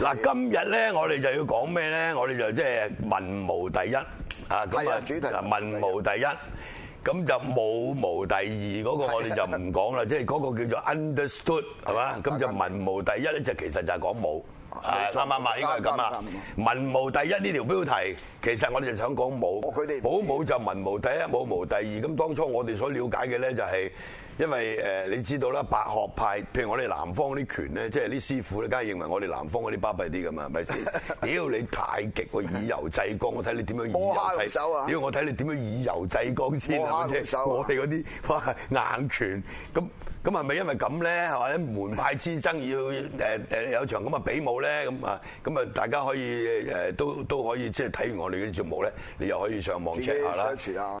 嗱，今日咧，我哋就要講咩咧？我哋就即係文無第一，啊，咁啊，主題文無第一，咁就武無第二嗰個，我哋就唔講啦。即係嗰個叫做 understood，係嘛？咁就文無第一咧，就其實就係講武。錯錯錯，應該係咁啊！文無第一呢條標題，其實我哋就想講武。哦，佢哋武武就文無第一，武無第二。咁當初我哋所了解嘅咧，就係。因為誒，你知道啦，白學派譬如我哋南方嗰啲拳咧，即係啲師傅咧，梗係認為我哋南方嗰啲巴閉啲噶嘛，係咪？屌你太極個，以柔制剛，我睇你點樣以柔制剛？屌、啊、我睇你點樣以柔制剛先啊！我哋嗰啲硬拳，咁咁係咪因為咁咧？或者門派之爭要誒誒有場咁啊比武咧？咁啊咁啊，大家可以誒都都可以即係睇完我哋嗰啲節目咧，你又可以上網 check 下啦。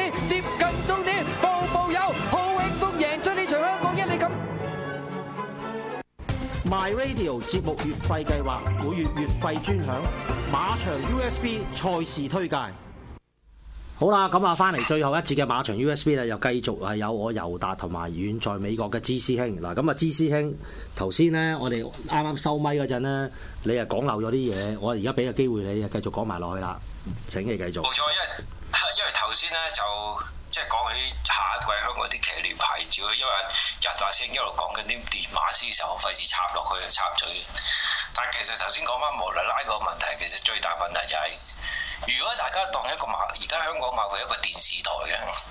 大 Radio 節目月費計劃，每月月費專享馬場 USB 賽事推介。好啦，咁啊，翻嚟最後一節嘅馬場 USB 咧，又繼續係有我尤達同埋遠在美國嘅芝師兄。嗱，咁啊，芝師兄，頭先咧，我哋啱啱收咪嗰陣咧，你啊講漏咗啲嘢，我而家俾個機會你啊，繼續講埋落去啦，請你繼續。冇錯，因為因為頭先咧就。即係講起下一季香港啲騎練牌照，因為尤達兄一路講緊啲電馬師嘅時候，費事插落去插嘴。但係其實頭先講翻莫雷拉個問題，其實最大問題就係、是、如果大家當一個馬，而家香港馬會一個電視台嘅，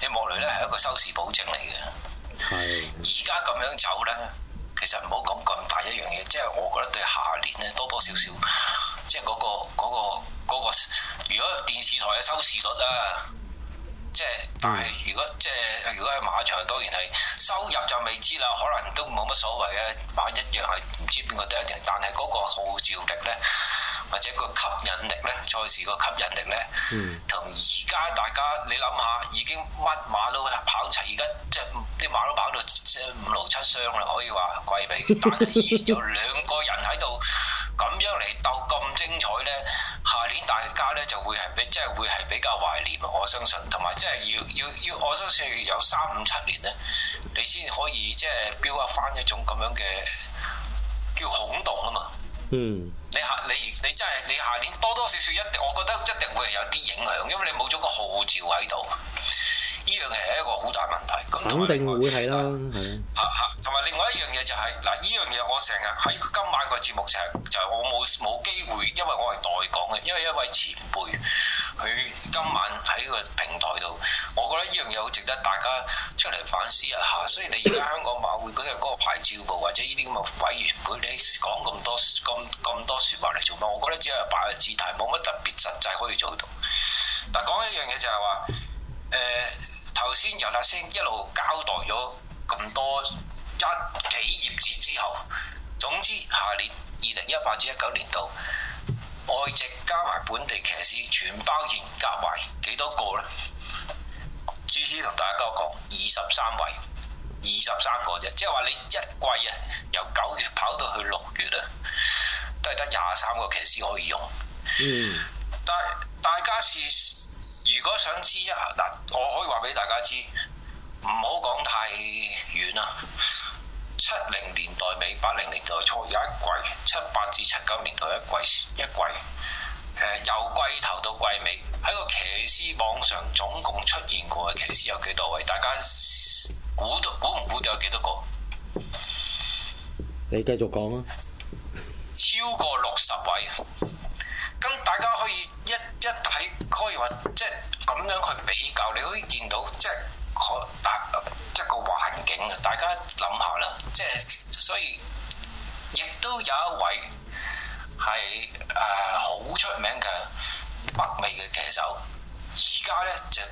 你莫雷咧係一個收視保證嚟嘅。而家咁樣走咧，其實唔好講咁大一樣嘢，即係我覺得對下年咧多多少少，即係嗰、那個嗰、那個、那個、如果電視台嘅收視率啊～即係，但係如果即係如果喺馬場，當然係收入就未知啦，可能都冇乜所謂嘅，馬一樣係唔知邊個第一定。但係嗰個號召力咧，或者個吸引力咧，賽事個吸引力咧，同而家大家你諗下，已經乜馬都跑齊，而家即係啲馬都跑到即五六七箱啦，可以話貴備，但係有兩。會係比較懷念，我相信同埋即係要要要，我相信要有三五七年咧，你先可以即係飈一返一種咁樣嘅叫恐動啊嘛。嗯，你下你你真係你下年多多少少一定，我覺得一定會有啲影響，因為你冇咗個號召喺度。呢樣嘢係一個好大問題，咁同埋另外嗱，嚇嚇，同埋、啊、另外一樣嘢就係、是、嗱，呢、啊、樣嘢我成日喺今晚個節目成日就係、是、我冇冇機會，因為我係代講嘅，因為一位前輩佢今晚喺個平台度，我覺得呢樣嘢好值得大家出嚟反思一下。雖然你而家香港馬會嗰個牌照部或者呢啲咁嘅委員會，你講咁多咁咁多說話嚟做乜？我覺得只係擺個姿態，冇乜特別實際可以做到。嗱、啊，講一樣嘢就係、是、話，誒、啊。頭先由阿聲一路交代咗咁多一幾頁紙之後，總之下年二零一八至一九年度外籍加埋本地騎師全包現格為幾多個咧？至於同大家講二十三位，二十三個啫，即係話你一季啊，由九月跑到去六月啊，都係得廿三個騎師可以用。嗯，但，大家是。如果想知一下，嗱，我可以話俾大家知，唔好講太遠啦。七零年代尾、八零年代初有一季，七八至七九年代一季，一季，由、呃、季頭到季尾，喺個騎師榜上總共出現過嘅騎師有幾多位？大家估到估唔估到有幾多個？你繼續講啊！超過六十位。咁大家可以一一睇，可以話，即係咁樣去比較，你可以見到即係可大即係個環境啊！大家諗下啦，即係所以亦都有一位係誒好出名嘅北美嘅騎手，而家咧就誒。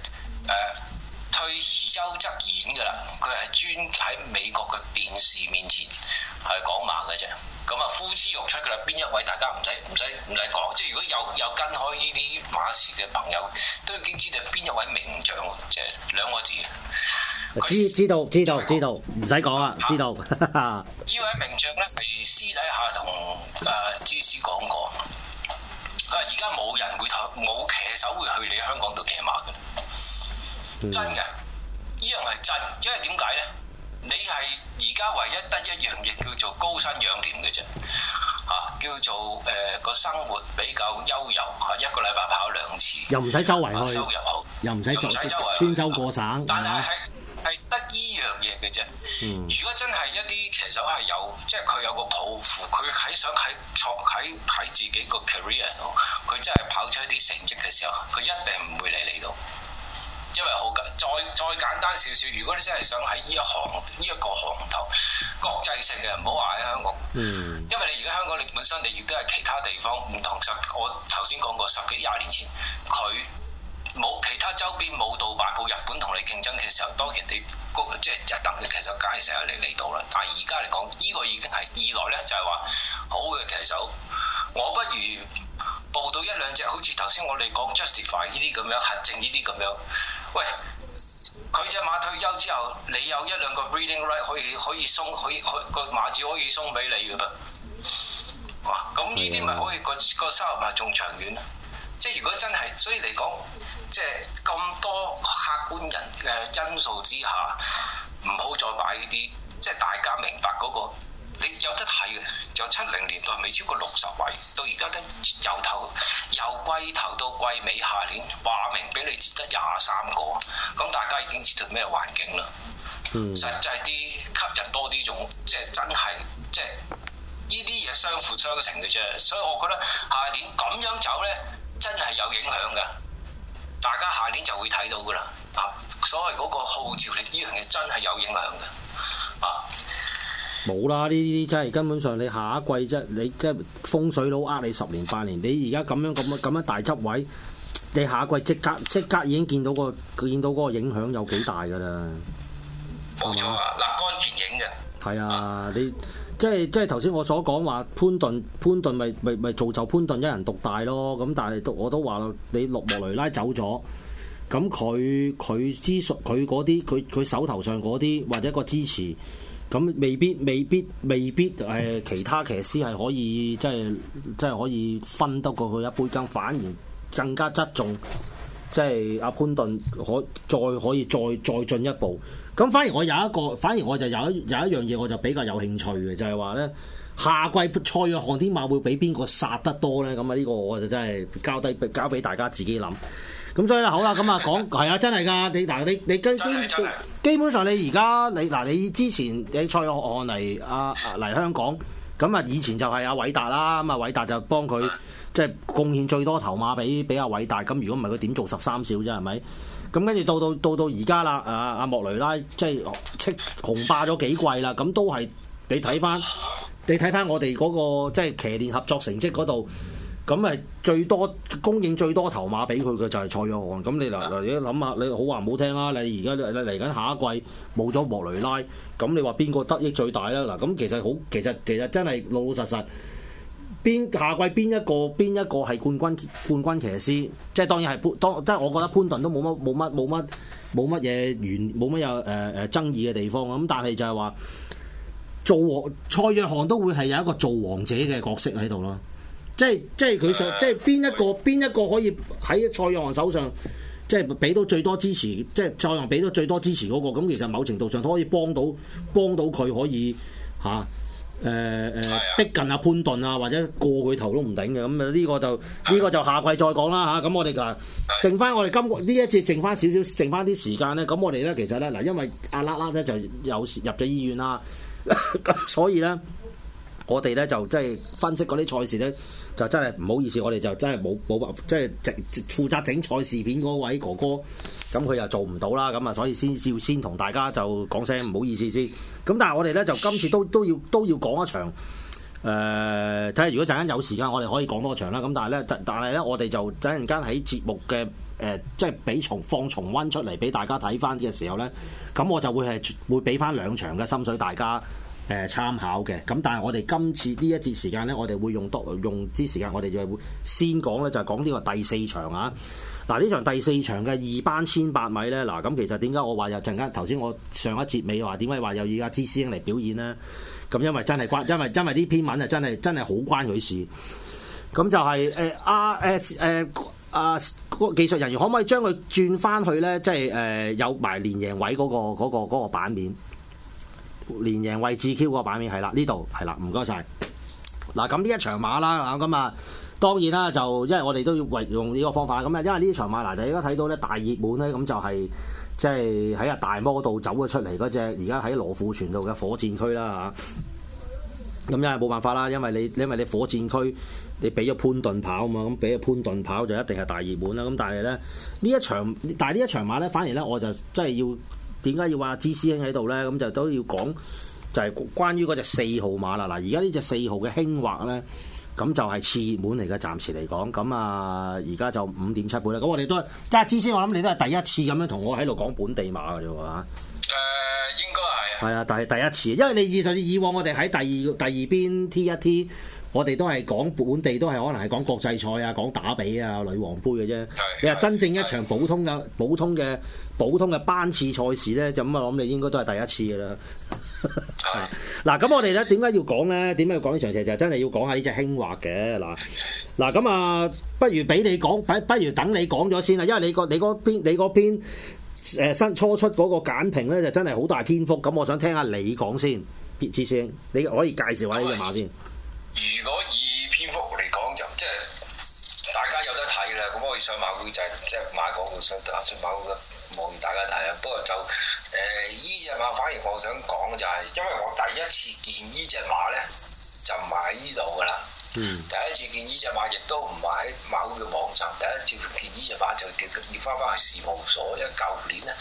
去而優則演噶啦，佢係專喺美國嘅電視面前係講馬嘅啫。咁啊，呼之欲出噶啦，邊一位大家唔使唔使唔使講？即係如果有有跟開呢啲馬事嘅朋友，都已經知道邊一位名將，就係兩個字。知知道知道知道，唔使講啊，知道。呢、啊、 位名將咧係私底下同誒、啊、知書講過，佢話而家冇人會同。冇騎。真嘅，呢樣係真，因為點解咧？你係而家唯一得一樣嘢叫做高薪養廉嘅啫，嚇、啊、叫做誒個、呃、生活比較悠遊嚇，一個禮拜跑兩次，又唔使周圍去，收入好，又唔使再穿州過省。但係係係得依樣嘢嘅啫。如果真係一啲騎手係有，即係佢有個抱負，佢喺想喺拓喺喺自己個 career 度，佢真係跑出一啲成績嘅時候，佢一定唔會嚟你度。因為好簡，再再簡單少少。如果你真係想喺呢一行、依、這、一個行頭國際性嘅，唔好話喺香港。嗯。因為你而家香港，你本身你亦都係其他地方唔同十。我頭先講過十幾廿年前，佢冇其他周邊冇杜拜，冇日本同你競爭嘅時候，當然你即係一等嘅騎手梗係成日嚟嚟到啦。但係而家嚟講，呢、這個已經係二來咧，就係、是、話好嘅騎手，我不如報到一兩隻，好似頭先我哋講 Justify 呢啲咁樣核證呢啲咁樣。喂，佢隻馬退休之後，你有一兩個 breeding right 可以可以送，可以可個馬子可以送俾你噶，哇！咁呢啲咪可以個、嗯、個收入咪仲長遠咯？即係如果真係，所以嚟講，即係咁多客觀人嘅因素之下，唔好再擺呢啲，即係大家明白嗰、那個。你有得睇嘅，由七零年代未超過六十位，到而家都由頭由季頭到季尾，下年話明俾你知得廿三個，咁大家已經知道咩環境啦。嗯，實際啲吸引多啲種，即係真係，即係呢啲嘢相輔相成嘅啫。所以我覺得下年咁樣走咧，真係有影響嘅，大家下年就會睇到噶啦。啊，所謂嗰個號召力呢樣嘢真係有影響嘅，啊。冇啦！呢啲真係根本上，你下一季啫，你即係風水佬呃你十年八年，你而家咁樣咁樣咁樣大執位，你下一季即刻即刻已經見到個見到嗰個影響有幾大噶啦！冇錯啊，立竿見影嘅。係啊，你即係即係頭先我所講話潘頓潘頓咪咪咪造就潘頓一人獨大咯。咁但係我都話你洛莫雷拉走咗，咁佢佢資助佢啲佢佢手頭上嗰啲或者個支持。咁未必，未必，未必誒其他騎師係可以，即係即係可以分得過去一杯羹，反而更加側重，即係阿潘頓可再可以再再進一步。咁反而我有一個，反而我就有一有一樣嘢我就比較有興趣嘅，就係話咧，夏季賽蔡約翰天馬會俾邊個殺得多咧？咁啊呢個我就真係交低交俾大家自己諗。咁所以咧好啦，咁啊講係啊，真係㗎，你嗱你你 基本上你而家你嗱你之前喺蔡約翰嚟啊嚟香港，咁啊以前就係阿偉達啦，咁啊偉達就幫佢即係貢獻最多頭馬俾俾阿偉達。咁如果唔係佢點做十三少啫係咪？咁跟住到到到到而家啦，阿阿莫雷拉即係叱紅霸咗幾季啦，咁都係你睇翻，你睇翻我哋嗰個即係騎練合作成績嗰度，咁咪最多供應最多頭馬俾佢嘅就係蔡約翰。咁你嗱嗱，如果諗下，你好話唔好聽啦，你而家咧嚟緊下一季冇咗莫雷拉，咁你話邊個得益最大啦？嗱，咁其實好，其實其實真係老老實實。邊下季，邊一個邊一個係冠軍冠軍騎師，即係當然係當，即係我覺得潘頓都冇乜冇乜冇乜冇乜嘢，完冇乜有誒誒爭議嘅地方咁，但係就係話做王蔡約翰都會係有一個做王者嘅角色喺度咯，即係即係佢想，即係邊一個邊一個可以喺蔡約翰手上，即係俾到最多支持，即係蔡約翰俾到最多支持嗰個，咁其實某程度上都可以幫到幫到佢可以吓。啊誒誒、呃、逼近阿潘頓啊，或者過佢頭都唔頂嘅，咁啊呢個就呢、呢個就下季再講啦嚇。咁、啊、我哋就的剩翻我哋今個呢一次剩翻少少，剩翻啲時間咧。咁我哋咧其實咧嗱，因為阿拉拉咧就有時入咗醫院啦， 所以咧。我哋咧就即係分析嗰啲賽事咧，就真係唔好意思，我哋就真係冇冇辦，即係執負責整賽事片嗰位哥哥，咁佢又做唔到啦，咁啊，所以先要先同大家就講聲唔好意思先。咁但係我哋咧就今次都都要都要講一場，誒睇下如果陣間有時間，我哋可以講多場啦。咁但係咧，但係咧，我哋就陣間喺節目嘅誒、呃，即係俾重放重溫出嚟俾大家睇翻嘅時候咧，咁我就會係會俾翻兩場嘅心水大家。誒參考嘅，咁但係我哋今次呢一節時間咧，我哋會用多用啲時間，我哋就係會先講咧，就係、是、講呢個第四場啊。嗱、啊、呢場第四場嘅二班千八米咧，嗱、啊、咁其實點解我話有陣間頭先我上一節尾話點解話又而家知師兄嚟表演呢？咁、啊、因為真係關，因為因為呢篇文啊真係真係好關佢事。咁就係誒阿誒誒阿技術人員可唔可以將佢轉翻去咧？即係誒、啊、有埋連贏位嗰、那個嗰、那個嗰、那個那個版面。連贏位置 Q 個版面係啦，呢度係啦，唔該晒。嗱咁呢一場馬啦嚇，咁啊當然啦，就因為我哋都要用呢個方法咁啊，因為呢一場馬嗱，就而家睇到咧大熱門咧、就是，咁就係即係喺啊大魔度走咗出嚟嗰隻，而家喺羅富泉度嘅火箭區啦嚇。咁因為冇辦法啦，因為你因為你火箭區你俾咗潘頓跑啊嘛，咁俾咗潘頓跑就一定係大熱門啦。咁但係咧呢一場，但係呢一場馬咧，反而咧我就真係要。點解要話阿芝師兄喺度咧？咁就都要講，就係關於嗰隻四號馬啦。嗱，而家呢隻四號嘅興惑咧，咁就係次熱門嚟嘅，暫時嚟講。咁啊，而家就五點七倍啦。咁我哋都，即係阿芝師兄，我諗你都係第一次咁樣同我喺度講本地馬嘅啫嘛。誒、uh,，應該係係啊，但係第一次，因為你以甚至以往我哋喺第二第二邊 T 一 T。我哋都係講本地，都係可能係講國際賽啊，講打比啊，女王杯嘅啫。對你話真正一場普通嘅、普通嘅、普通嘅班次賽事咧，咁啊，我諗你應該都係第一次噶啦。嗱對，咁、 啊、我哋咧，點解要講咧？點解要講呢場賽？就是、真係要講下呢隻興惑嘅嗱嗱。咁啊，啊，不如俾你講，不不如等你講咗先啦。因為你個你嗰邊你嗰邊誒新初出嗰個簡評咧，就真係好大篇幅。咁我想聽下你講先，別知先，你可以介紹下呢隻馬先。如果以篇幅嚟講，就即係大家有得睇啦。咁我上馬會仔，即係馬港上得阿上馬會望大家睇啊。不過就誒依隻馬，反而我想講就係、是，因為我第一次見一隻呢隻馬咧，就唔係喺呢度噶啦。嗯第。第一次見一隻呢隻馬，亦都唔係喺馬會嘅網站。第一次見呢隻馬，就叫要翻翻去事務所。因為舊年咧，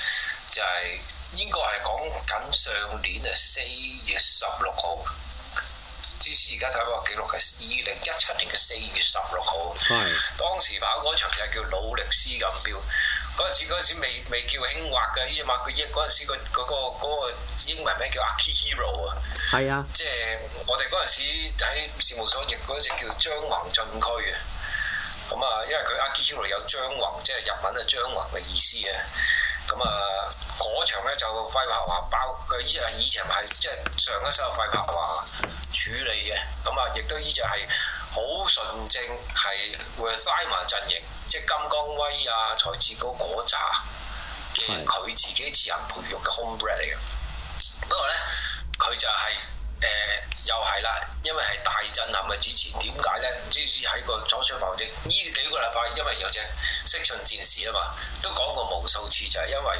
就係應該係講緊上年啊，四月十六號。而家睇個記錄係二零一七年嘅四月十六號，嗯、當時跑嗰場就係叫努力師錦標嗰陣時，嗰時未未叫興惑嘅呢隻馬，佢一嗰陣時、嗰個嗰、嗰個嗰個英文名叫阿基 Hero 啊，係啊，即係我哋嗰陣時喺事務所入嗰隻叫張宏進區啊，咁、嗯、啊，因為佢阿基 Hero 有張宏，即係日文啊張宏嘅意思啊。咁啊，嗰場咧就費伯華包，佢依隻係以前係，即係上一手費伯華處理嘅。咁啊亦都依隻係好純正，係會曬埋陣營，即係金剛威啊、才至嗰嗰扎嘅佢自己自行培育嘅 homebred 嚟嘅，不過咧佢就係、是。誒、呃、又係啦，因為係大震撼嘅主持，點解咧？主持喺個闖上爆政呢幾個禮拜，因為有隻色盡戰士啊嘛，都講過無數次，就係因為誒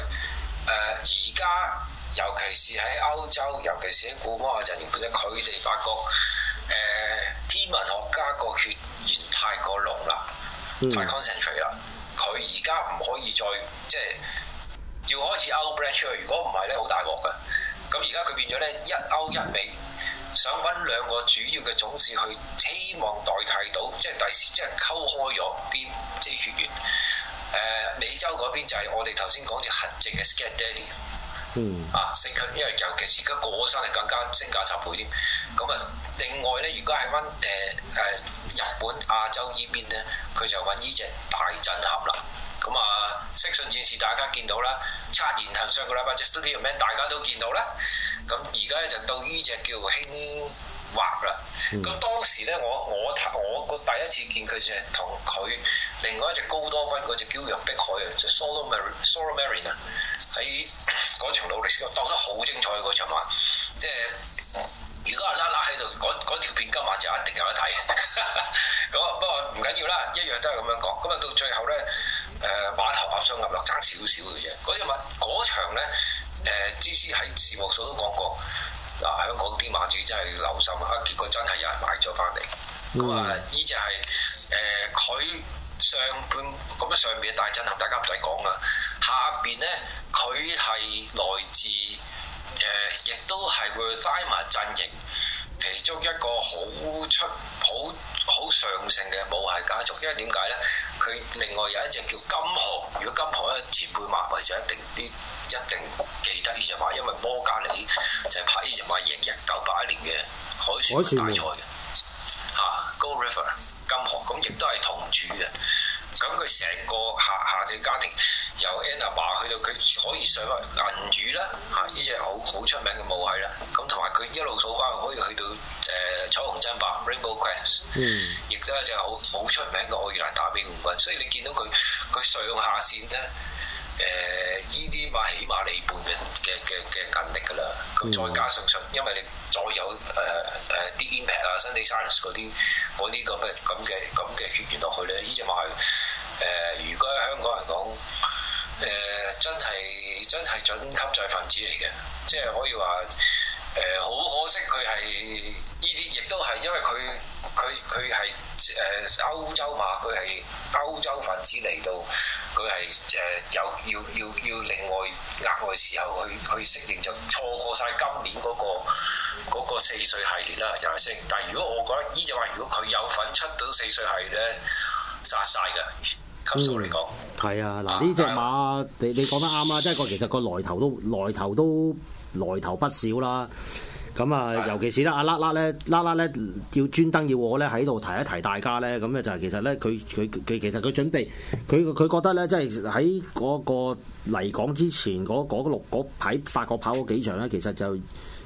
而家尤其是喺歐洲，尤其是喺古安啊陣，或者佢哋發覺誒、呃、天文學家個血緣太過濃啦，嗯、太 concentrate 啦，佢而家唔可以再即係要開始 outbreak 啦，如果唔係咧，好大鑊噶。咁而家佢變咗咧，一歐一美。想揾兩個主要嘅種子去希望代替到，即係第時即係溝開咗啲即係血緣。誒、呃，美洲嗰邊就係我哋頭先講隻行政嘅 Scared Daddy。嗯。啊，升級，因為尤其是而家過身係更加升價十倍添。咁、嗯、啊，另外咧，如果喺翻誒誒日本亞洲邊呢邊咧，佢就揾呢隻大震撼啦。咁啊，色信戰士大家見到啦，策賢騰上個禮拜隻 s t u d i o Man 大家都見到啦。咁而家咧就到呢隻叫興惑啦。咁當時咧，我我我個第一次見佢就係同佢另外一隻高多芬嗰隻嬌陽碧海啊，即係 Sara Mary，Sara m a r 啊，喺嗰場努力講得好精彩嗰場話，即係如果阿拉拉喺度講條片今日就一定有得睇。咁不過唔緊要啦，一樣都係咁樣講。咁啊，到最後咧。誒、呃、馬頭鴨上鴨落爭少少嘅啫。嗰隻物嗰場咧誒，之芝喺事務所都講過，嗱、呃、香港啲馬主真係留心啊，結果真係有人買咗翻嚟。咁啊哇，呢隻係誒佢上半咁樣上邊大震撼，大家唔使講啊。下邊咧佢係來自誒、呃，亦都係佢齋埋陣營其中一個好出好。好上乘嘅母系家族，因為點解咧？佢另外有一隻叫金河，如果金河嘅前輩馬迷就一定啲一定記得呢隻馬，因為摩加尼就係拍呢隻馬贏一九八一年嘅海選大賽嘅嚇 Gold River 金河，咁亦都係同主嘅，咁佢成個下下代家庭。由 Anna 馬去到佢可以上翻銀魚啦，嚇、啊！呢隻好好出名嘅母系啦。咁同埋佢一路數翻可以去到誒彩虹爭霸、Rainbow Quest，嗯，亦都係一隻好好出名嘅愛爾蘭打比冠軍。所以你見到佢佢上下線咧，誒呢啲嘛起碼你半嘅嘅嘅嘅韌力㗎啦。咁、嗯、再加上上，因為你再有誒誒啲 Deep Impact 啊、Sunday Silence 嗰啲嗰啲咁嘅咁嘅咁嘅血緣落去咧，呢隻馬係誒如果喺香港嚟講。誒、呃、真係真係準級制分子嚟嘅，即係可以話誒好可惜佢係呢啲，亦都係因為佢佢佢係誒歐洲嘛，佢係歐洲分子嚟到，佢係誒有要要要，要另外額外時候去去適應，就錯過晒今年嗰、那個嗯、個四歲系列啦，上升。但係如果我覺得呢隻、這個、話，如果佢有份出到四歲系列呢，殺晒㗎。咁嚟講，係、嗯、啊，嗱呢隻馬你你講得啱啊。即係個其實個來頭都來頭都來頭不少啦。咁啊，啊尤其是咧阿拉拉咧，拉拉咧要專登要我咧喺度提一提大家咧，咁咧就係其實咧，佢佢佢其實佢準備，佢佢覺得咧，即係喺嗰個嚟港之前嗰嗰、嗰個、六嗰排、嗰個、法國跑嗰幾場咧，其實就。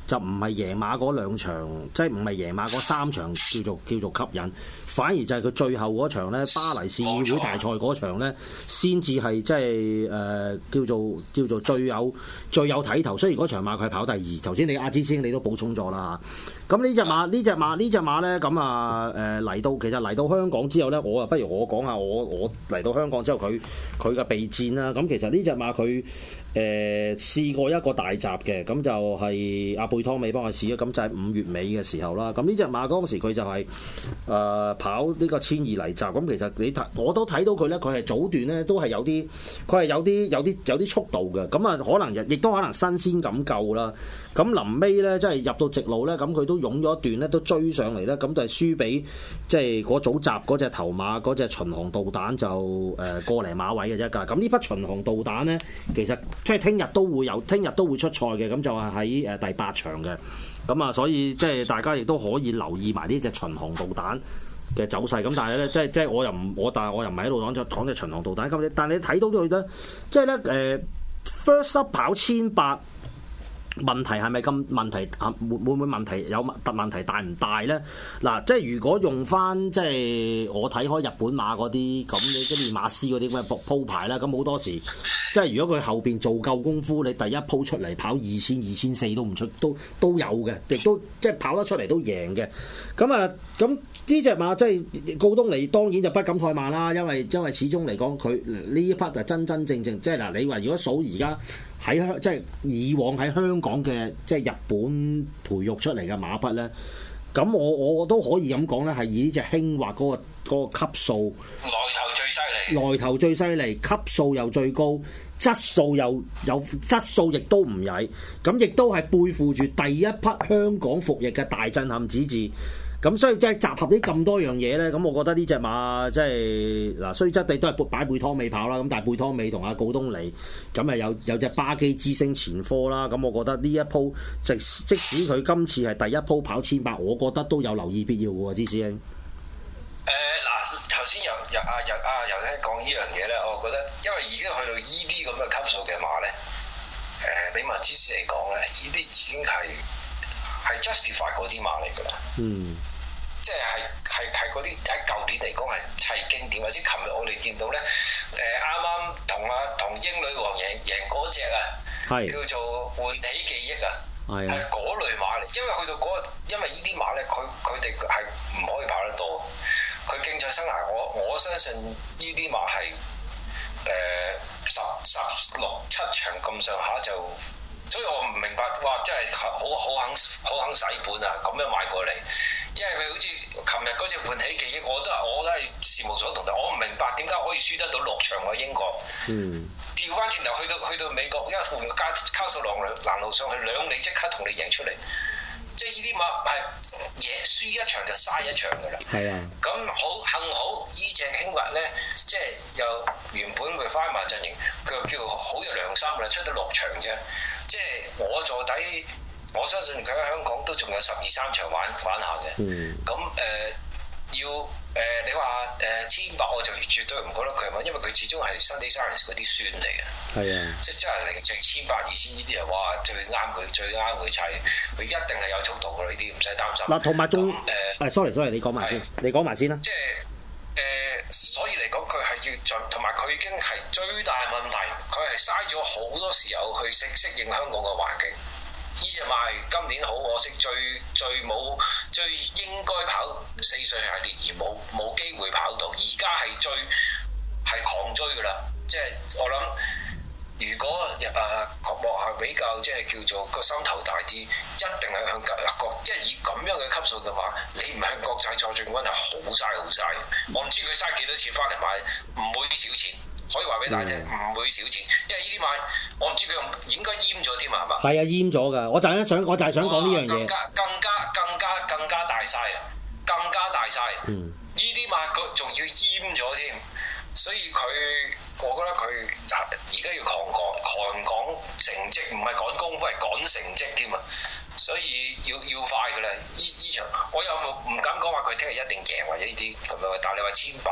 就唔係贏馬嗰兩場，即係唔係贏馬嗰三場叫做叫做吸引，反而就係佢最後嗰場咧，巴黎市議會大賽嗰場咧，先至係即係誒叫做叫做，叫做最有最有睇頭。雖然嗰場馬佢係跑第二。頭先你阿芝師兄你都補充咗啦嚇。咁呢隻馬呢隻馬呢隻馬咧咁啊誒嚟到其實嚟到，到香港之後咧，我啊不如我講下我我嚟到香港之後佢佢嘅備戰啦。咁其實呢隻馬佢。誒試過一個大閘嘅，咁就係阿貝湯美幫我試啊，咁就係五月尾嘅時候啦。咁呢隻馬嗰時佢就係、是、誒、呃、跑呢個千二泥閘，咁其實你睇我都睇到佢咧，佢係早段咧都係有啲，佢係有啲有啲有啲速度嘅。咁啊，可能亦都可能新鮮感夠啦。咁臨尾咧，即係入到直路咧，咁佢都湧咗一段咧，都追上嚟咧，咁就係輸俾即係嗰組閘嗰隻頭馬嗰隻巡航導彈就誒個零馬位嘅啫㗎。咁呢匹巡航導彈咧，其實～即係聽日都會有，聽日都會出賽嘅，咁就係喺誒第八場嘅。咁啊，所以即係大家亦都可以留意埋呢隻巡航導彈嘅走勢。咁但係咧，即係即係我又唔，我但係我又唔係喺度講就講隻巡航導彈咁。但係你睇到佢咧，覺得即係咧誒，first up 跑千八。問題係咪咁問題啊？會會唔會問題有問突問題大唔大咧？嗱，即係如果用翻即係我睇開日本馬嗰啲咁你嗰啲馬師嗰啲咁嘅鋪牌排啦，咁好多時即係如果佢後邊做夠功夫，你第一鋪出嚟跑二千二千四都唔出都都有嘅，亦都即係跑得出嚟都贏嘅。咁啊，咁呢隻馬即係告東尼當然就不敢太慢啦，因為因為始終嚟講佢呢一匹就真真正正即係嗱，你話如果數而家。喺即係以往喺香港嘅即係日本培育出嚟嘅馬匹咧，咁我我都可以咁講咧，係以隻興惑嗰個嗰、嗰個級數，來頭最犀利，來頭最犀利，級數又最高，質素又有質素，亦都唔曳，咁亦都係背負住第一匹香港服役嘅大震撼子嗣。咁所以即係集合呢咁多樣嘢咧，咁我覺得呢隻馬即係嗱，雖則地都係擺背湯尾跑啦，咁但係背湯尾同阿告東尼，咁咪有有隻巴基之星前科啦，咁我覺得呢一鋪即即使佢今次係第一鋪跑千百，我覺得都有留意必要嘅喎，芝士兄。誒嗱，頭先由由阿由阿由聽講呢樣嘢咧，我覺得因為已經去到呢啲咁嘅級數嘅馬咧，誒，俾埋芝士嚟講咧，呢啲已經係係 justify 啲馬嚟嘅啦。嗯。即係係係嗰啲喺舊年嚟講係係經典，或者琴日我哋見到咧，誒啱啱同阿同英女王贏贏嗰隻啊，係是叫做喚起記憶啊，係嗰的類馬嚟，因為去到嗰、那、日、個，因為呢啲馬咧，佢佢哋係唔可以跑得多，佢競賽生涯，我我相信呢啲馬係誒、呃、十十六七場咁上下就。所以我唔明白，哇！真係好好肯好肯洗本啊，咁樣買過嚟，因為佢好似琴日嗰隻喚起記憶，我都我都係事務所同我唔明白點解可以輸得到六場喎、啊、英國，嗯，調翻轉頭去到去到美國，因為盤價卡數浪浪路上去兩釐，即刻同你贏出嚟，即係呢啲馬係嘢，輸一場就嘥一場㗎啦。咁、嗯、好幸好依正呢隻興惑咧，即係又原本佢翻埋陣營，佢又叫好有良心㗎，出得六場啫。即係我坐底，我相信佢喺香港都仲有十二三場玩玩下嘅。咁誒、嗯呃、要誒、呃、你話誒、呃呃、千八我就絕對唔覺得佢唔，因為佢始終係新地三億嗰啲孫嚟嘅。係啊是的，即係真係零正千八二千呢啲嘅話，最啱佢，最啱佢砌，佢一定係有速度㗎，呢啲唔使擔心。嗱，同埋仲誒，sorry sorry，你講埋先，你講埋先啦。誒、呃，所以嚟講，佢係要盡，同埋佢已經係最大問題，佢係嘥咗好多時候去適適應香港嘅環境。呢隻馬係今年好可惜，最最冇最應該跑四歲系列而，而冇冇機會跑到，而家係追係狂追㗎啦，即係我諗。如果日啊、呃、國幕係比較即係叫做個心頭大啲，一定係向國即係以咁樣嘅級數嘅話，你唔向國際賽進軍係好嘥好嘥。我唔知佢嘥幾多錢翻嚟買，唔會少錢，可以話俾大家聽，唔的會少錢。因為呢啲買，我唔知佢應該閹咗添啊係嘛？係啊，閹咗㗎。我就係想，我就係想講呢樣嘢。更加更加更加大晒！更加大晒！大，嗯，呢啲買佢仲要閹咗添。所以佢，我覺得佢而家要狂講，狂講成績，唔係講功夫，係講成績添啊！所以要要快嘅啦，依依場我又唔敢講話佢聽日一定贏或者呢啲咁樣，但係你話千八，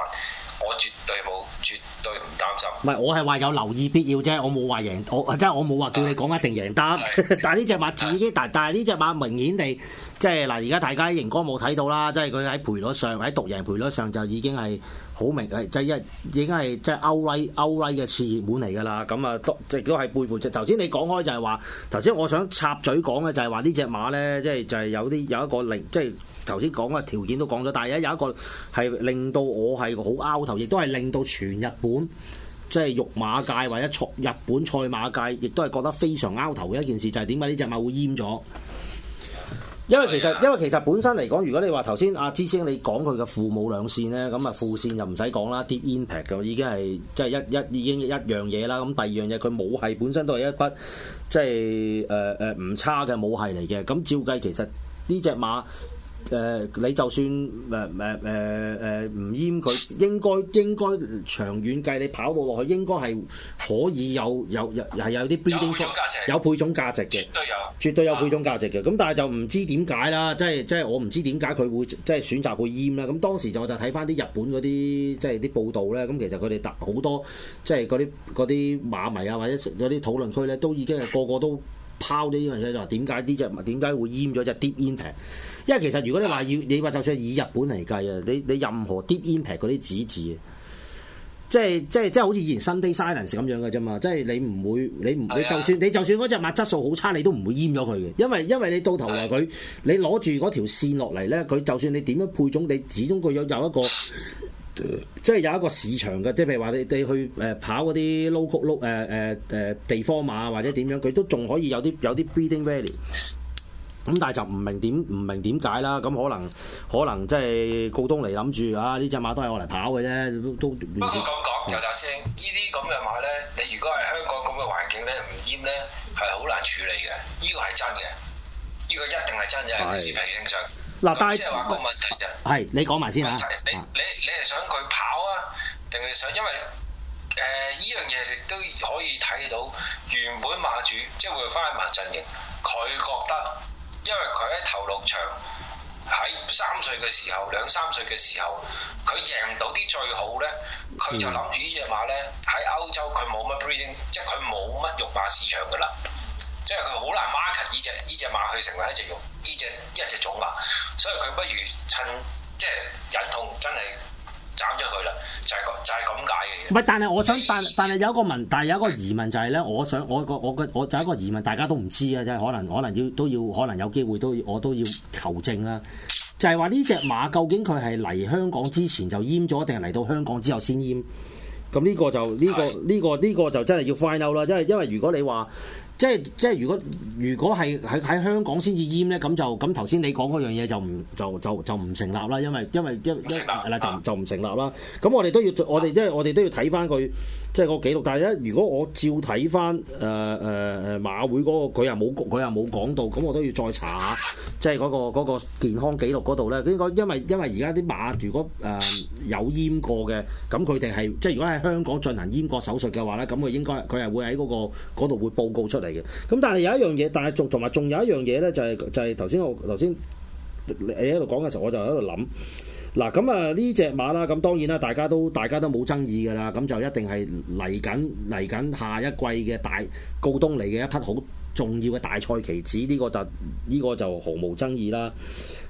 我絕對冇，絕對唔擔心。唔係，我係話有留意必要啫，我冇話贏，我即係我冇話叫你講一定贏。啊、 但、啊、但呢隻馬已經，但但係呢隻馬明顯地，即係嗱，而家大家熒光冇睇到啦，即係佢喺賠率上，或者獨贏賠率上就已經係。好明就即係已經係即係歐威嘅次熱門嚟㗎啦，咁啊都即係都係背負。頭先你講開就係話，頭先我想插嘴講嘅就係話呢隻馬咧，即係就係、是、有啲有一個令即係頭先講嘅條件都講咗，但係有一個係令到我係好拗頭，亦都係令到全日本即係肉馬界或者賽日本賽馬界，亦都係覺得非常拗頭嘅一件事，就係點解呢隻馬會閹咗？因為其實 Yeah. 因為其實本身嚟講，如果你話頭先阿之星你講佢嘅父母兩線咧，咁啊父線就唔使講啦，Deep Impact 嘅已經係即係一一已經一,一樣嘢啦。咁第二樣嘢佢母系本身都係一筆即係誒誒唔差嘅母系嚟嘅。咁照計其實呢隻馬。誒，uh, 你就算誒誒誒誒唔閹佢，應該應該長遠計，你跑到落去應該係可以有有有係有啲 building 有配種價值，嗯，有配種價值嘅，絕對有，絕對有配種價值嘅。咁、嗯嗯、但係就唔知點解啦，即係即係我唔知點解佢會即係、就是、選擇去閹啦。咁當時我就就睇翻啲日本嗰啲即係啲報道咧，咁其實佢哋特好多即係嗰啲啲馬迷啊，或者嗰啲討論區咧，都已經係個個都拋呢樣嘢，就話點解呢隻點解會閹咗隻 Deep Impact？因為其實如果你話要你話就算以日本嚟計啊，你你任何 Deep Impact 嗰啲子嗣，即係即係即係好似以前 Sunday Silence 咁樣嘅啫嘛，即係你唔會你唔你就算你就算嗰隻馬質素好差，你都唔會閹咗佢嘅，因為因為你到頭嚟佢是的 你攞住嗰條線落嚟咧，佢就算你點樣配種，你始終佢有有一個即係有一個市場嘅，即係譬如話你你去誒跑嗰啲 local local、呃、呃、呃、地方馬或者點樣，佢都仲可以有啲有啲 breeding value。咁但係就唔明點唔明點解啦？咁可能可能即係告東尼諗住啊，呢隻馬都係我嚟跑嘅啫，都，都不過講講、嗯、有大聲，呢啲咁嘅馬咧，你如果係香港咁嘅環境咧，唔閹咧係好難處理嘅。呢、這個係真嘅，呢、這個一定係真嘅，皮正常嗱。但係即係話個問題係你講埋先嚇，你你、啊、你你係想佢跑啊，定係想因為誒呢樣嘢亦都可以睇到原本馬主即係會返去馬陣營，佢覺得。因為佢喺頭六場喺三歲嘅時候，兩三歲嘅時候，佢贏到啲最好咧，佢就諗住呢隻馬咧喺歐洲佢冇乜 breeding，即係佢冇乜肉馬市場㗎喇，即係佢好難 market 呢隻呢隻馬去成為一隻肉呢隻一隻種馬，所以佢不如趁即係忍痛真係。斬咗佢啦，就係咁就係咁解嘅嘢。唔係，但係我想，但但係有一個問，但係有一個疑問就係、是、咧，我想我個我個我就有一個疑問，大家都唔知呀，即係可能可能要都要可能有機會都我都要求證啦。就係話呢隻馬究竟佢係嚟香港之前就閹咗，定係嚟到香港之後先閹？咁呢個就呢、呢個呢是的、呢個呢、呢個就真係要 find out 啦，因為因為如果你話。即係即係，如果如果係喺喺香港先至閹咧，咁就咁頭先你講嗰樣嘢就唔就就就唔成立啦，因為因為因、啊、係啦就就唔成立啦。咁我哋都要我哋即係我哋都要睇翻佢。即係個記錄，但係咧如果我照睇翻誒誒誒馬會嗰個，佢又冇佢又冇講到，咁我都要再查下，即係嗰個嗰個健康記錄嗰度咧，應該因為因為而家啲馬如果誒有閹過嘅，咁佢哋係即係如果喺香港進行閹過手術嘅話咧，咁佢應該佢係會喺嗰個嗰度會報告出嚟嘅。咁但係有一樣嘢，但係仲同埋仲有一樣嘢咧，就係就係頭先我頭先你喺度講嘅時候，我就喺度諗。嗱，咁啊呢隻馬啦，咁當然啦，大家都大家都冇爭議㗎啦，咁就一定係嚟緊嚟緊下一季嘅大告東尼嘅一匹好重要嘅大賽棋子，呢個就呢個就毫無爭議啦。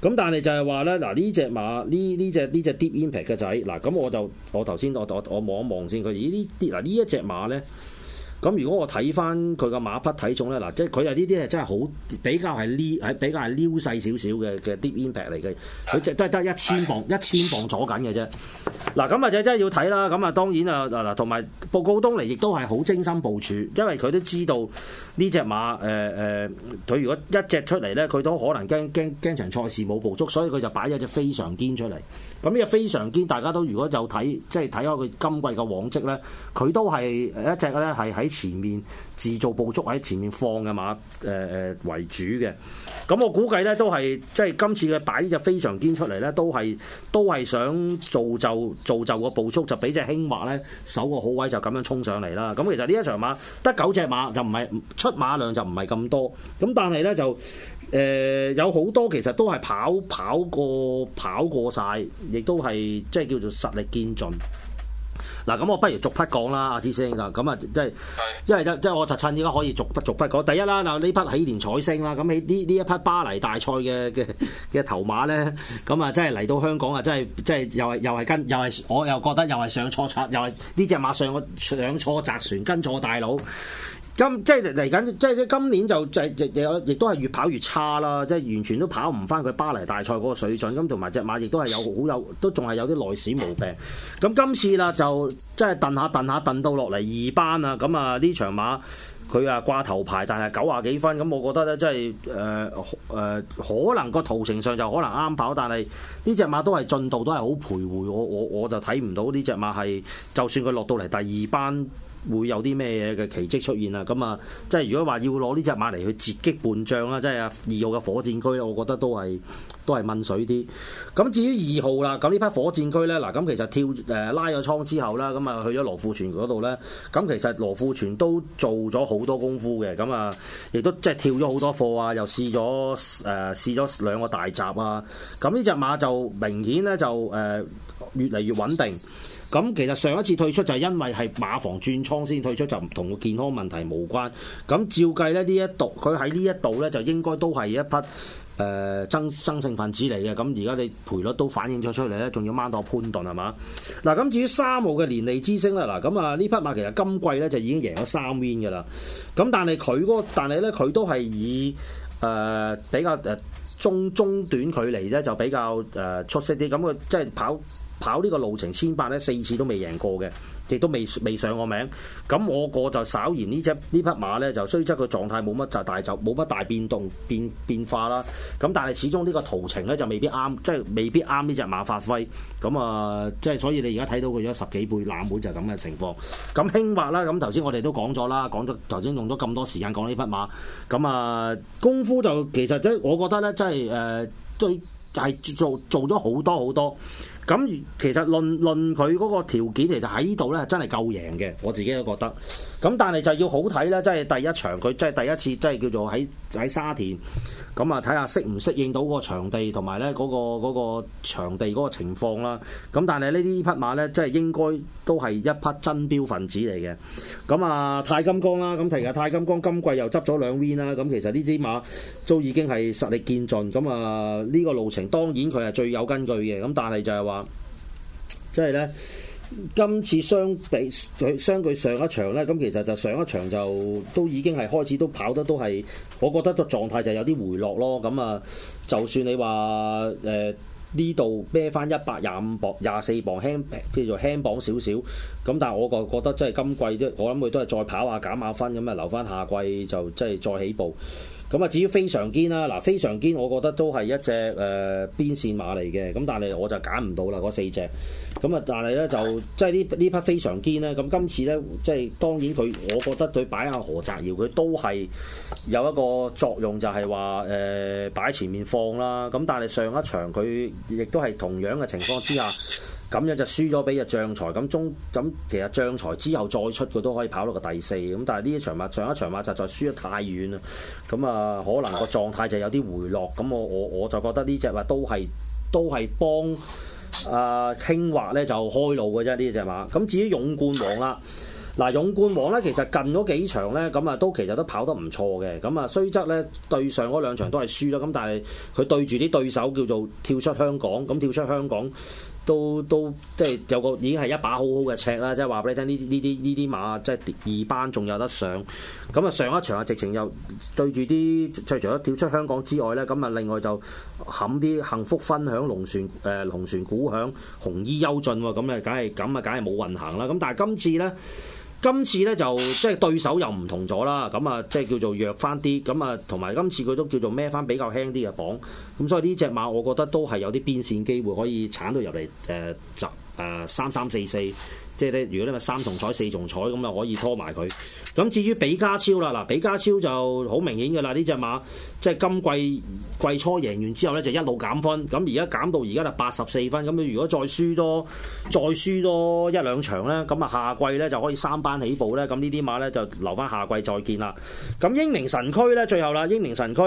咁但係就係話咧，嗱呢隻馬呢呢隻呢隻 Deep Impact 嘅仔，嗱咁我就我頭先我我望一望先，佢咦呢啲嗱呢一隻馬咧。咁如果我睇翻佢個馬匹體重咧，嗱，即係佢係呢啲係真係好比較係呢係比較係溜細少少嘅嘅 deep impact 嚟嘅，佢就都係得一千磅一千磅左緊嘅啫。嗱，咁啊就真係要睇啦。咁啊當然啊嗱嗱，同埋報告東尼亦都係好精心部署，因為佢都知道呢隻馬誒誒，佢、呃呃、如果一隻出嚟咧，佢都可能驚驚驚場賽事冇捕捉，所以佢就擺咗隻非常堅出嚟。咁呢隻非常堅，大家都如果有睇即係睇開佢今季嘅往績咧，佢都係一隻咧係喺。前面自造步速喺前面放嘅馬，誒、呃、誒、呃、為主嘅。咁我估計咧都係即係今次嘅擺呢隻非常堅出嚟咧，都係都係想造就造就個步速，就俾隻輕馬咧守個好位就咁樣衝上嚟啦。咁其實呢一場馬得九隻馬，就唔係出馬量就唔係咁多。咁但係咧就誒、呃、有好多其實都係跑跑過跑過晒，亦都係即係叫做實力見盡。嗱，咁我不如逐匹講啦，阿志升啊，咁啊，即係，即係即即我就趁而家可以逐匹逐匹講。第一啦，嗱呢匹起連彩星啦，咁喺呢呢一匹巴黎大賽嘅嘅嘅頭馬咧，咁啊，真係嚟到香港啊，真係真係又係又係跟又係，我又覺得又係上錯船，又係呢隻馬上個上錯隻船跟錯大佬。咁即係嚟緊，即係今年就就就亦都係越跑越差啦，即係完全都跑唔翻佢巴黎大賽嗰個水準。咁同埋隻馬亦都係有好有，都仲係有啲內史毛病。咁今次啦就。即係掟下掟下掟到落嚟二班啊！咁啊呢場馬佢啊掛頭牌，但係九廿幾分，咁我覺得咧，即係誒誒，可能個途程上就可能啱跑，但係呢隻馬都係進度都係好徘徊，我我我就睇唔到呢隻馬係，就算佢落到嚟第二班。會有啲咩嘅奇蹟出現啊？咁啊，即係如果話要攞呢隻馬嚟去截擊半將啊，即係二號嘅火箭區，我覺得都係都係掹水啲。咁至於二號啦，咁呢批火箭區咧，嗱，咁其實跳誒、呃、拉咗倉之後啦，咁啊去咗羅富全嗰度咧，咁其實羅富全都做咗好多功夫嘅，咁啊亦都即係跳咗好多貨啊，又試咗誒、呃、試咗兩個大閘啊，咁呢隻馬就明顯咧就誒、呃、越嚟越穩定。咁其實上一次退出就係因為係馬房轉倉先退出，就唔同個健康問題無關。咁照計咧，呢一度佢喺呢一度咧就應該都係一匹誒、呃、增，增生性分子嚟嘅。咁而家你賠率都反映咗出嚟咧，仲要掹到潘頓係嘛？嗱，咁、啊、至於三號嘅年利之星咧，嗱咁啊呢匹馬其實今季咧就已經贏咗三 win 嘅啦。咁但係佢嗰個，但係咧佢都係以。誒、呃、比較誒中中短距離咧就比較誒、呃、出色啲，咁佢即係跑跑呢個路程千八咧四次都未贏過嘅。亦都未未上過名，咁我個就稍然呢隻呢匹馬咧就雖則個狀態冇乜就大就冇乜大變動變變化啦，咁但係始終呢個途程咧就未必啱，即係未必啱呢隻馬發揮，咁啊即係所以你而家睇到佢咗十幾倍冷門就係咁嘅情況，咁輕滑啦，咁頭先我哋都講咗啦，講咗頭先用咗咁多時間講呢匹馬，咁啊功夫就其實即係我覺得咧，即係誒對就係做做咗好多好多。咁其實論論佢嗰個條件嚟，就喺呢度咧，真係夠贏嘅。我自己都覺得。咁但係就要好睇啦。即係第一場佢即係第一次，即係叫做喺喺沙田。咁啊，睇下適唔適應到個場地，同埋呢嗰個嗰、嗰個場地嗰個情況啦。咁但係呢啲匹馬呢，即係應該都係一匹真標分子嚟嘅。咁啊，太金剛啦，咁其實太金剛今季又執咗兩 w 啦。咁其實呢啲馬都已經係實力見進。咁啊，呢個路程當然佢係最有根據嘅。咁但係就係話，即係呢。就是今次相比相對上一場呢，咁其實就上一場就都已經係開始都跑得都係，我覺得個狀態就有啲回落咯。咁啊，就算你話誒呢度孭翻一百廿五磅、廿四磅輕，叫做輕磅少少。咁但係我個覺得真係今季啫，我諗佢都係再跑下減下分咁啊，留翻下季就即係再起步。咁啊，至於非常堅啦，嗱，非常堅，我覺得都係一隻誒、呃、邊線馬嚟嘅，咁但係我就揀唔到啦嗰四隻。咁啊，但係咧就即係呢呢匹非常堅咧，咁今次咧即係當然佢，我覺得佢擺下何澤堯，佢都係有一個作用，就係話誒擺前面放啦。咁但係上一場佢亦都係同樣嘅情況之下。咁樣就輸咗俾就將才咁中咁，其實將才之後再出佢都可以跑到個第四咁，但係呢一場馬上一場馬實在輸得太遠啦。咁啊，可能個狀態就有啲回落咁，我我我就覺得隻、啊、呢隻馬都係都係幫啊輕滑咧就開路嘅啫呢隻馬。咁至於勇冠王啦，嗱、啊、勇冠王咧其實近嗰幾場咧咁啊，都其實都跑得唔錯嘅咁啊，雖則咧對上嗰兩場都係輸啦，咁但係佢對住啲對手叫做跳出香港咁跳出香港。都都即係有個已經係一把好好嘅尺啦，即係話俾你聽呢呢啲呢啲馬，即係二班仲有得上，咁啊上一場啊直情又對住啲除除咗跳出香港之外呢。咁啊另外就冚啲幸福分享龍、呃、龍船誒龍船鼓響、紅衣優進喎，咁啊梗係咁啊梗係冇運行啦，咁但係今次呢。今次咧就即係對手又唔同咗啦，咁啊即係叫做弱翻啲，咁啊同埋今次佢都叫做孭翻比較輕啲嘅磅，咁所以呢隻馬我覺得都係有啲邊線機會可以鏟到入嚟誒集誒三三四四。呃 3, 3, 4, 4。即係如果你咪三重彩，四重彩咁啊，就可以拖埋佢。咁至於比加超啦，嗱，比加超就好明顯㗎啦。呢隻馬即係今季季初贏完之後咧，就一路減分。咁而家減到而家就八十四分。咁如果再輸多再輸多一兩場咧，咁啊，下季咧就可以三班起步咧。咁呢啲馬咧就留翻下季再見啦。咁英明神區咧最後啦，英明神區。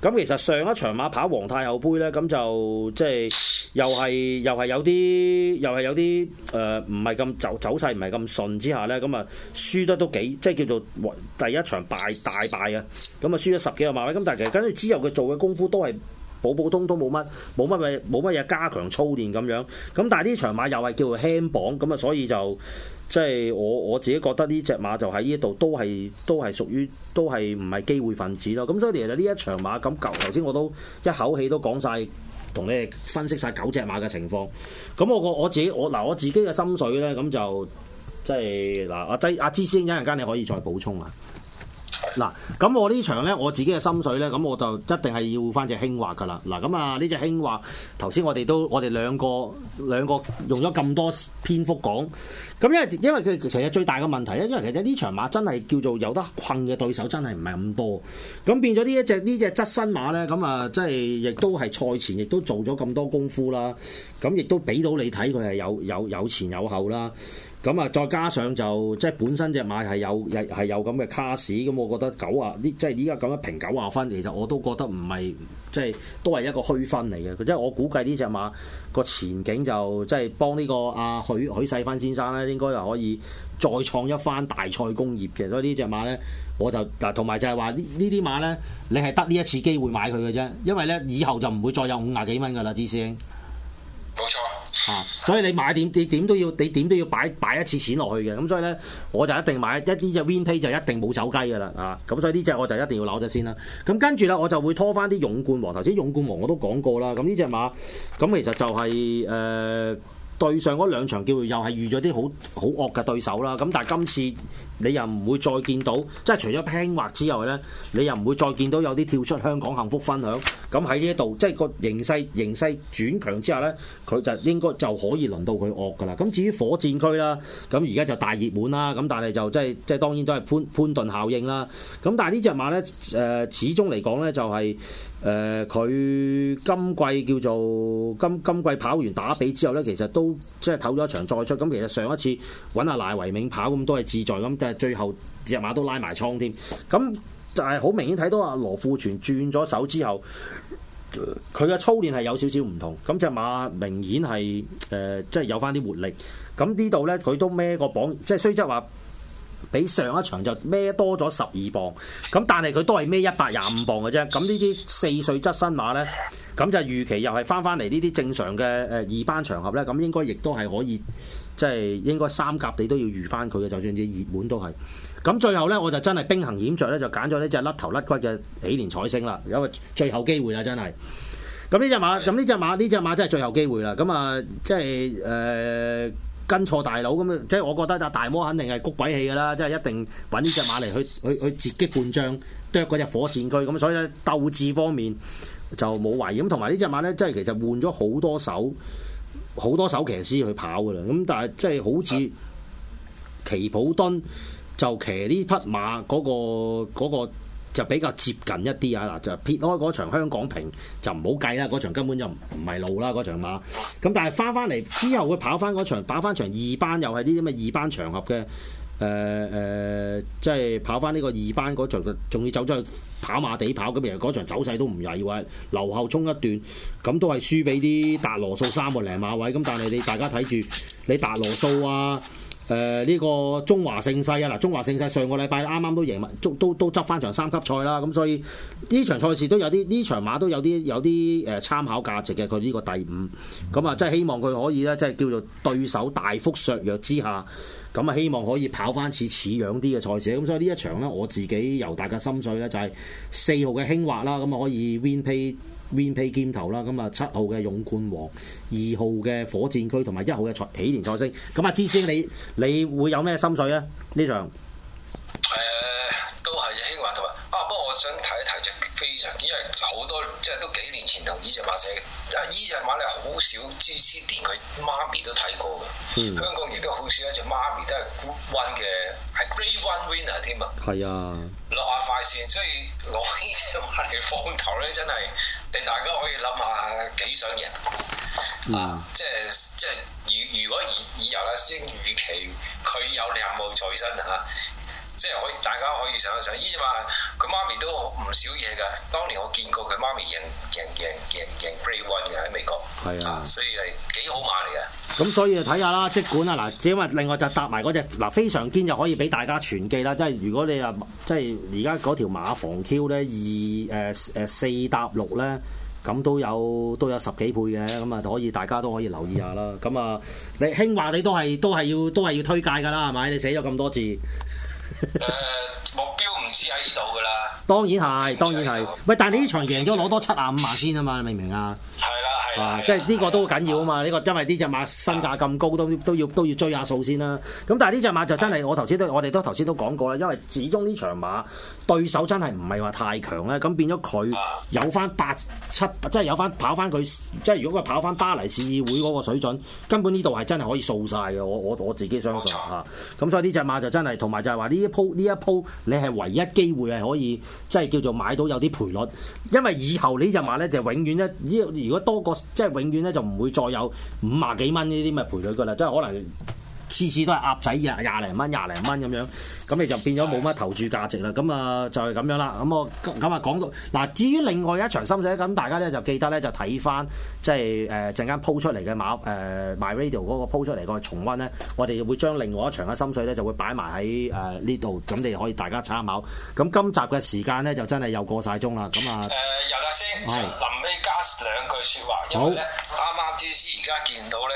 咁其實上一場馬跑皇太后杯咧，咁就即係又係又係有啲又係有啲誒唔係咁走。呃走勢唔係咁順之下呢，咁啊輸得都幾，即係叫做第一場敗大敗啊！咁啊輸咗十幾個馬位，咁但係其實跟住之後佢做嘅功夫都係普普通通，冇乜冇乜嘅冇乜嘢加強操練咁樣。咁但係呢場馬又係叫做輕磅，咁啊所以就即係、就是、我我自己覺得呢隻馬就喺呢度都係都係屬於都係唔係機會分子咯。咁所以其實呢一場馬咁頭先我都一口氣都講晒。同你分析晒九隻馬嘅情況，咁我個我自己我嗱我自己嘅心水咧，咁就即係嗱、啊、阿劑阿芝先，一陣間你可以再補充啊。嗱，咁我呢場呢，我自己嘅心水呢，咁我就一定係要翻隻興惑噶啦。嗱，咁啊呢隻興惑，頭先我哋都我哋兩個兩個用咗咁多篇幅講，咁因為因為佢其實最大嘅問題咧，因為其實呢場馬真係叫做有得困嘅對手真係唔係咁多，咁變咗呢一隻呢隻側身馬呢，咁啊即係亦都係賽前亦都做咗咁多功夫啦，咁亦都俾到你睇佢係有有有前有後啦。咁啊，再加上就即係本身隻馬係有係係有咁嘅卡士，咁我覺得九啊，呢即係依家咁一平九啊分，其實我都覺得唔係即係都係一個虛分嚟嘅。即係我估計呢隻馬個前景就即係幫呢、這個阿、啊、許許世芬先生咧，應該又可以再創一番大賽功業嘅。所以隻呢隻馬咧，我就嗱同埋就係話呢呢啲馬咧，你係得呢一次機會買佢嘅啫，因為咧以後就唔會再有五廿幾蚊噶啦，芝師兄。冇錯。啊！所以你買點，你點都要，你點都要擺擺，擺一次錢落去嘅。咁所以咧，我就一定買一呢隻 v i n t y 就一定冇走雞噶啦。啊！咁所以呢隻我就一定要扭咗先啦。咁、啊、跟住啦，我就會拖翻啲勇冠王。頭先勇冠王我都講過啦。咁呢隻馬，咁、嗯、其實就係、是、誒。呃對上嗰兩場機會又係遇咗啲好好惡嘅對手啦，咁但係今次你又唔會再見到，即係除咗聽話之外呢，你又唔會再見到有啲跳出香港幸福分享，咁喺呢一度即係個形勢形勢轉強之下呢，佢就應該就可以輪到佢惡噶啦。咁至於火箭區啦，咁而家就大熱門啦，咁但係就即係即係當然都係潘潘頓效應啦。咁但係呢隻馬呢，誒、呃、始終嚟講呢、就係，就係。誒，佢、呃、今季叫做今今季跑完打比之後呢，其實都即係唞咗一場再出。咁其實上一次揾阿賴維銘跑咁多係自在咁，但係最後隻馬都拉埋倉添。咁就係好明顯睇到阿羅富全轉咗手之後，佢嘅操練係有少少唔同。咁隻馬明顯係誒，即係有翻啲活力。咁呢度呢，佢都孭個磅，即係雖則話。比上一場就孭多咗十二磅，咁但係佢都係孭一百廿五磅嘅啫。咁呢啲四歲質身馬咧，咁就預期又係翻翻嚟呢啲正常嘅誒二班場合咧，咁應該亦都係可以，即係應該三甲你都要預翻佢嘅，就算啲熱門都係。咁最後咧，我就真係兵行險著咧，就揀咗呢隻甩頭甩骨嘅喜蓮彩星啦，因為最後機會啦，真係。咁呢隻馬，咁呢隻馬，呢隻馬真係最後機會啦。咁啊，即係誒。跟錯大佬咁樣！即係我覺得啊，大摩肯定係谷鬼氣噶啦，即係一定搵呢隻馬嚟去去去截擊半將，剁嗰隻火箭區咁，所以咧鬥智方面就冇懷疑。咁同埋呢隻馬咧，即係其實換咗好多手好多手騎師去跑噶啦。咁但係即係好似奇普敦就騎呢匹馬嗰個嗰個。嗰個就比較接近一啲啊！嗱，就撇開嗰場香港瓶就唔好計啦，嗰場根本就唔係路啦嗰場馬。咁但係翻翻嚟之後，佢跑翻嗰場，跑翻場二班又係呢啲咩？二班場合嘅誒誒，即係跑翻呢個二班嗰場，仲要走出去跑馬地跑。咁其實嗰場走勢都唔曳喎，留後衝一段，咁都係輸俾啲達羅素三個零馬位。咁但係你大家睇住你達羅素啊！誒呢、呃這個中華盛世啊，嗱，中華盛世上個禮拜啱啱都贏埋，都都執翻場三級賽啦，咁、嗯、所以呢場賽事都有啲，呢場馬都有啲有啲誒參考價值嘅，佢呢個第五，咁、嗯、啊、嗯，即係希望佢可以咧，即係叫做對手大幅削弱之下，咁、嗯、啊，希望可以跑翻似似樣啲嘅賽事，咁、嗯、所以呢一場呢，我自己由大家心水呢，就係、是、四號嘅興惑啦，咁、嗯、啊、嗯、可以 win pay。Win p 劍頭啦，咁啊七號嘅勇冠王，二號嘅火箭駒，同埋一號嘅起連賽星。咁啊，芝斯，你你會有咩心水啊？呢場？誒、嗯，都係嘅，興惑同埋。啊，不過我想提一提隻非常，因為好多即係都幾年前同呢隻馬寫，啊呢隻馬咧好少，芝斯連佢媽咪都睇過嘅。嗯。香港亦都好少一隻媽咪都係 good one 嘅，係 Grade One winner 添啊。係啊。落下快線，所以我呢隻馬嘅放頭咧真係。大家可以諗下幾想贏，啊、嗯！即係即係如如果以以後阿師兄預期，佢有冇在身嚇？即係可以，大家可以想一想。依啲嘛，佢媽咪都唔少嘢㗎。當年我見過佢媽咪贏贏贏贏贏 Play One 嘅喺美國，係啊，啊，所以係幾好馬嚟嘅。咁、嗯、所以就睇下啦，即管啦嗱，隻嘛另外就搭埋嗰隻嗱，非常堅就可以俾大家傳記啦。即係如果你啊，即係而家嗰條馬房 Q 咧二誒誒四搭六咧，咁都有都有十幾倍嘅，咁啊可以大家都可以留意下啦。咁啊，你興話你都係都係要都係要推介㗎啦，係咪？你寫咗咁多字。誒，目標唔止喺呢度噶啦，當然係，當然係。喂，但係你呢場贏咗，攞多七啊五萬先啊嘛，你明唔明啊？係。 啊，即係呢個都緊要啊嘛！呢個因為呢隻馬身價咁高，都都要都要追下數先啦。咁但係呢隻馬就真係，我頭先都我哋都頭先都講過啦。因為始終呢場馬對手真係唔係話太強咧，咁變咗佢有翻八七，即係有翻跑翻佢，即係如果佢跑翻巴黎市議會嗰個水準，根本呢度係真係可以掃晒嘅。我我我自己相信吓。咁、啊、所以呢隻馬就真係，同埋就係話呢一鋪呢一鋪，一鋪你係唯一機會係可以即係叫做買到有啲賠率，因為以後呢隻馬咧就永遠一，如果多過。即係永遠咧就唔會再有五十幾蚊呢啲嘅賠率㗎喇，即係可能。次次都係鴨仔廿廿零蚊，廿零蚊咁樣，咁你就變咗冇乜投注價值啦。咁啊就係咁樣啦。咁我咁啊講到嗱、啊，至於另外一場心水，咁大家咧就記得咧就睇翻即係誒陣間鋪出嚟嘅馬誒、呃、myradio 嗰個鋪出嚟個重溫咧，我哋會將另外一場嘅心水咧就會擺埋喺誒呢度，咁、呃、你可以大家參考。咁今集嘅時間咧就真係又過晒鐘啦。咁啊誒，尤、呃、達先係臨尾加兩句説話，因為咧啱啱啲師而家見到咧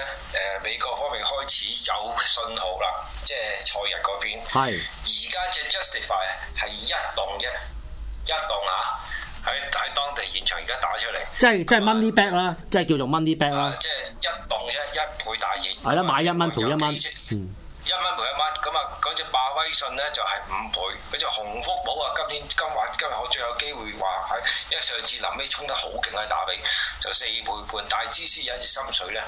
誒美國方面開始有。信號啦，即係賽日嗰邊。係而家隻 justify 咧，係一動啫，一動啊喺大當地現場而家打出嚟，即係、啊、即係 money back 啦，即係叫做 money back 啦，即係一動一一倍大現。係啦的，買一蚊賠一蚊。嗯。一蚊賠一蚊，咁啊嗰隻霸威信咧就係、是、五倍，嗰隻紅福寶啊，今年今晚今日我最有機會話係，因為上次臨尾衝得好勁喺打比，就四倍半，但係芝士有一隻心水咧，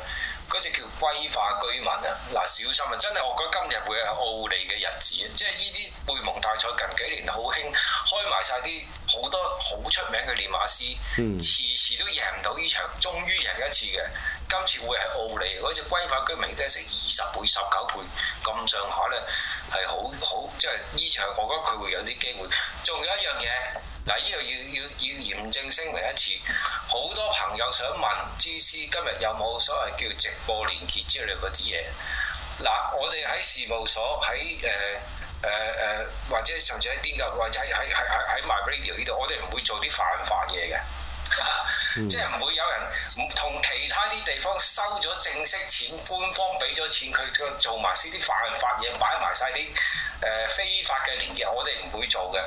嗰、那、隻、個、叫歸化居民啊，嗱、那個、小心啊，真係我覺得今日會係奧利嘅日子，啊。即係呢啲貝蒙大賽近幾年好興，開埋晒啲好多好出名嘅練馬師，嗯，遲遲都贏唔到呢場，終於贏一次嘅。今次會係奧利嗰隻規範居民都係成二十倍、十九倍咁上下咧，係好好即係呢場，我覺得佢會有啲機會。仲有一樣嘢，嗱呢度要要要嚴正聲明一次，好多朋友想問，GC 今日有冇所謂叫直播連結之類嗰啲嘢？嗱，我哋喺事務所喺誒誒誒，或者甚至喺電夾，或者喺喺喺喺 MyRadio 呢度，我哋唔會做啲犯法嘢嘅。嗯、即係唔會有人唔同其他啲地方收咗正式錢，官方俾咗錢佢個做埋先啲犯法嘢，擺埋晒啲誒非法嘅連結，我哋唔會做嘅。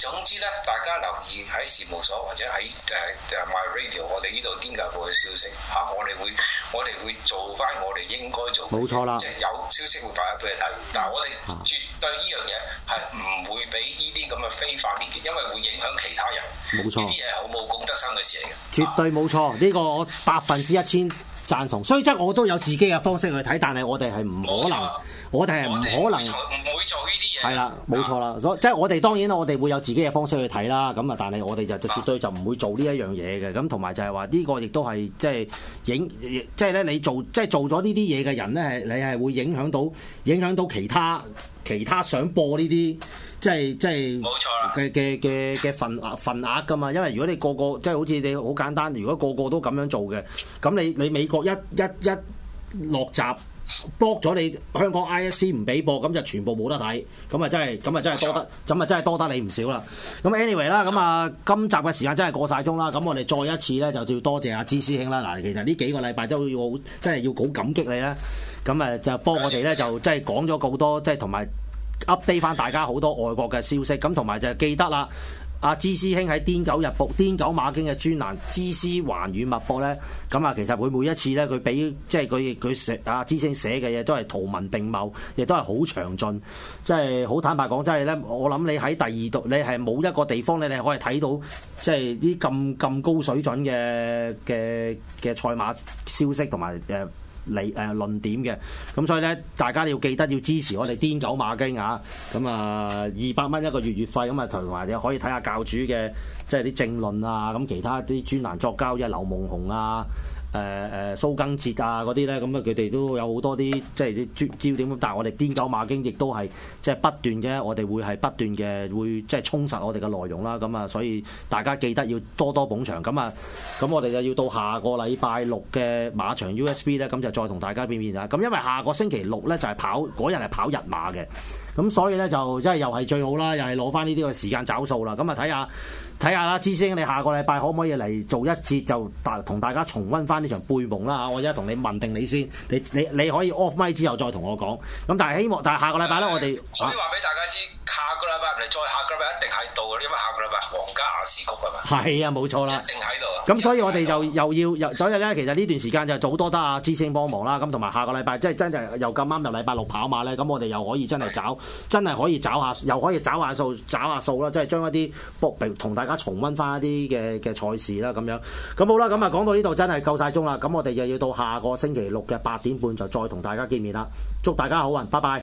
總之咧，大家留意喺事務所或者喺誒誒 my radio，我哋呢度堅架部嘅消息嚇、啊，我哋會我哋會做翻我哋應該做嘅，冇錯啦。即係有消息會擺俾你睇，但係我哋絕對呢樣嘢係唔會俾呢啲咁嘅非法連結，因為會影響其他人。冇錯錯，呢啲嘢係好冇公德心嘅事嚟嘅。絕對冇錯，呢、啊、個百分之一千。贊同，所以即係我都有自己嘅方式去睇，但係我哋係唔可能，冇錯，我哋係唔可能，唔會做呢啲嘢。係啦，冇錯啦，啊、所即係我哋當然，我哋會有自己嘅方式去睇啦。咁啊，但係我哋就絕對就唔會做呢一樣嘢嘅。咁同埋就係話呢個亦都係即係影，即係咧你做即係、即係、做咗呢啲嘢嘅人咧，係你係會影響到影響到其他。其他想播呢啲，即係即係冇錯啦嘅嘅嘅嘅份額份額㗎嘛，因為如果你個個即係、就是、好似你好簡單，如果個個都咁樣做嘅，咁你你美國一一一落閘。播咗你香港 ISP 唔俾播，咁就全部冇得睇，咁啊真係，咁啊真係多得，咁啊真係多得你唔少啦。咁 anyway 啦，咁啊今集嘅時間真係過晒鐘啦，咁我哋再一次咧就要多謝阿芝師兄啦。嗱，其實呢幾個禮拜真係要好，真係要好感激你咧。咁啊就幫我哋咧就真係講咗好多，即係同埋 update 翻大家好多外國嘅消息。咁同埋就記得啦。阿、啊、芝師兄喺《癲狗日報》《癲狗馬經》嘅專欄《芝師寰宇脈搏》咧，咁啊，其實佢每一次咧，佢俾即係佢佢寫阿、啊、芝師兄寫嘅嘢都係圖文並茂，亦都係好詳盡，即係好坦白講，即係咧，我諗你喺第二度，你係冇一個地方咧，你可以睇到即係啲咁咁高水準嘅嘅嘅賽馬消息同埋誒，嚟誒論點嘅，咁所以咧，大家要記得要支持我哋癲狗馬經啊！咁啊，二百蚊一個月月費，咁啊同埋你可以睇下教主嘅即係啲政論啊，咁其他啲專欄作家，即係劉夢熊啊。誒誒、呃、蘇更節啊嗰啲咧，咁啊佢哋都有好多啲即係啲焦焦點。但係我哋癲狗馬經亦都係即係不斷嘅，我哋會係不斷嘅，會即係充實我哋嘅內容啦。咁啊，所以大家記得要多多捧場。咁啊，咁我哋就要到下個禮拜六嘅馬場 USB 咧，咁就再同大家見面啦。咁因為下個星期六咧就係、是、跑嗰日係跑日馬嘅，咁所以咧就即係又係最好啦，又係攞翻呢啲嘅時間找數啦。咁啊睇下。睇下啦，知星，你下個禮拜可唔可以嚟做一節，就大同大家重温翻呢場背夢啦吓，我而家同你問定你先，你你你可以 off mic 之後再同我講。咁但係希望，但係下個禮拜咧，我哋可以話俾大家知。啊下個禮拜嚟，再下個禮拜一定喺度，因為下個禮拜皇家雅士谷啊嘛。係啊，冇錯啦，一定喺度。啊。咁所以我哋就又要又所以咧， 其實呢段時間就做多得啊，資深幫忙啦。咁同埋下個禮拜即係、就是、真係又咁啱又禮拜六跑馬咧，咁我哋又可以真係找，是的 真係可以找下，又可以找下數，找下數啦，即係將一啲同大家重溫翻一啲嘅嘅賽事啦，咁樣。咁好啦，咁啊講到呢度真係夠晒鐘啦，咁我哋又要到下個星期六嘅八點半就再同大家見面啦，祝大家好運，拜拜。